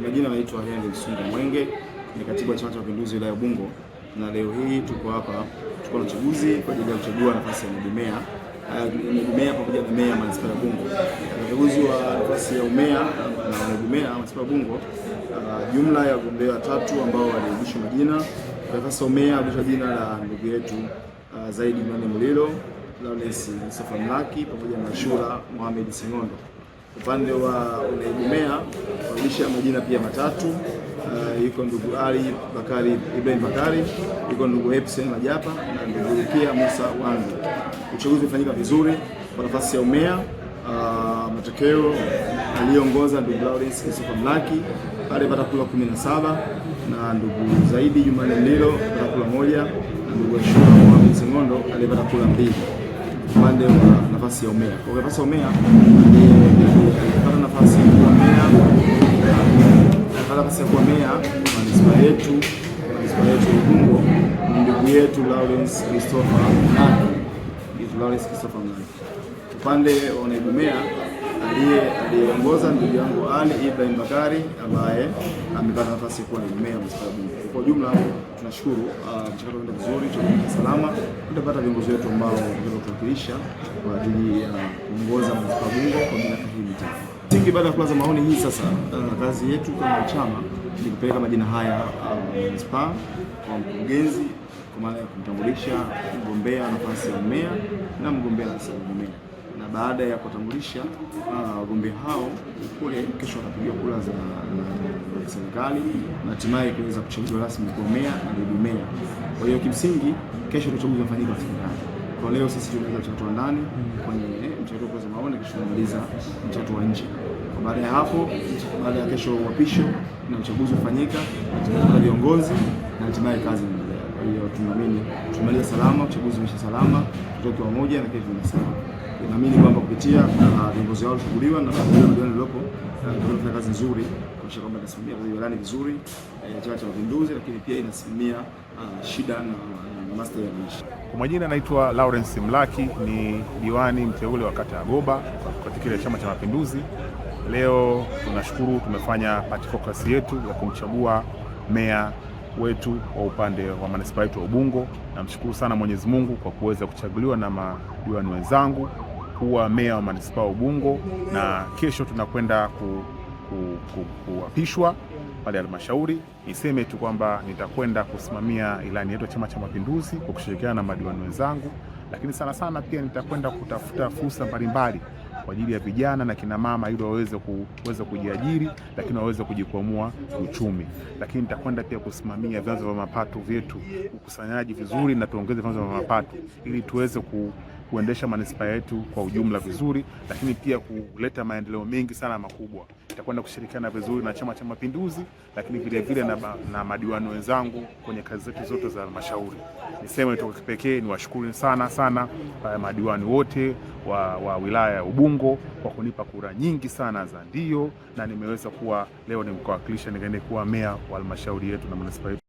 Kwa majina naitwa Henry Msungu Mwenge, ni katibu wa Chama cha Mapinduzi wilaya Ubungo, na leo hii tuko hapa tuko na uchaguzi kwa ajili ya kuchagua nafasi ya naibu meya naibu meya pamoja na meya manispaa ya Ubungo. Uchaguzi wa nafasi ya umeya na naibu meya manispaa ya Ubungo, ah, jumla ya wagombea watatu ambao walirudisha majina. Nafasi ya umeya jina la ndugu yetu ah, Zaidi Mnane Mlilo, Lawrence Safamlaki pamoja na Shura Mohamed Singondo upande wa unaibu meya majina pia matatu uh, eh, yuko ndugu Ali Bakari Ibrahim Bakari, yuko ndugu Epson Majapa na ndugu Rukia Musa Wangu. Uchaguzi umefanyika vizuri kwa nafasi ya umeya. Uh, matokeo aliongoza ndugu Lawrence Christopher Mlaki alipata kula 17 na ndugu zaidi juma Mlilo alipata kula moja na ndugu Ashura Mohamed Sengondo alipata kula mbili upande wa nafasi ya umeya. Kwa nafasi ya umeya nafasi ya kuwa meya, nafasi ya kuwa meya manispaa yetu manispaa yetu Ubungo ni ndugu yetu Lawrence Christopher Mlandu, Lawrence Christopher Mlandu. Upande wa naibu meya aliyeongoza ndugu yangu Ali Ibrahim Bakari ambaye amepata nafasi ya kuwa naibu meya manispaa ya Ubungo. Kwa jumla tunashukuru ah, mchakato uh, unaenda vizuri, tunaenda salama, tutapata viongozi wetu ambao wanatuwakilisha kwa ajili ya kuongoza manispaa ya Ubungo kwa miaka hii mitano msingi baada ya za maoni hii sasa, uh, kazi yetu kama chama ni kupeleka majina haya um, manispaa uh, kwa mkurugenzi kwa maana ya kumtambulisha mgombea nafasi ya mmea na mgombea nafasi ya ugomea, na baada ya kuwatambulisha uh, wagombea uh, hao kule, kesho watapiga kura za serikali na hatimaye kuweza kuchaguliwa rasmi kwa meya na naibu meya. Kwa hiyo kimsingi, kesho uchaguzi unafanyika wa serikali. Kwa leo sisi tunaweza mchakato ndani kwenye eh, mchakato wa kumaliza mtoto wa nje. Baada ya hapo, baada ya kesho uapisho na uchaguzi ufanyika, na viongozi na hatimaye kazi inaendelea. Kwa hiyo tunaamini tumaliza salama, uchaguzi umesha salama, tutoke pamoja na kesho ni sawa. Tunaamini kwamba kupitia viongozi wao waliochaguliwa na ndio ndio tunafanya kazi nzuri kuhakikisha kwamba inasimamia ilani vizuri ya eh, Chama cha Mapinduzi, lakini pia inasimamia ah, shida na master ya maisha kwa majina anaitwa Lawrence Mlaki, ni diwani mteule wa kata ya Goba katika ile Chama cha Mapinduzi. Leo tunashukuru tumefanya patifokasi yetu ya kumchagua meya wetu wa upande wa manispaa yetu wa Ubungo. Namshukuru sana Mwenyezi Mungu kwa kuweza kuchaguliwa na madiwani wenzangu kuwa meya wa manispaa ya Ubungo, na kesho tunakwenda kuapishwa ku, ku, ku, pale halmashauri. Niseme tu kwamba nitakwenda kusimamia ilani yetu ya Chama cha Mapinduzi kwa kushirikiana na madiwani wenzangu, lakini sana sana pia nitakwenda kutafuta fursa mbalimbali kwa ajili ya vijana na kina mama ili waweze kuweza kujiajiri, lakini waweze kujikwamua uchumi. Lakini nitakwenda pia kusimamia vyanzo vya mapato vyetu, ukusanyaji vizuri na tuongeze vyanzo vya mapato ili tuweze ku kuendesha manispaa yetu kwa ujumla vizuri, lakini pia kuleta maendeleo mengi sana makubwa. Nitakwenda kushirikiana vizuri na Chama cha Mapinduzi, lakini vilevile na, na madiwani wenzangu kwenye kazi zetu zote za halmashauri. Niseme toka kipekee niwashukuru sana sana eh, madiwani wote wa, wa wilaya ya Ubungo kwa kunipa kura nyingi sana za ndio, na nimeweza kuwa leo nimkuwakilisha nikaende kuwa meya wa halmashauri yetu na manispaa yetu.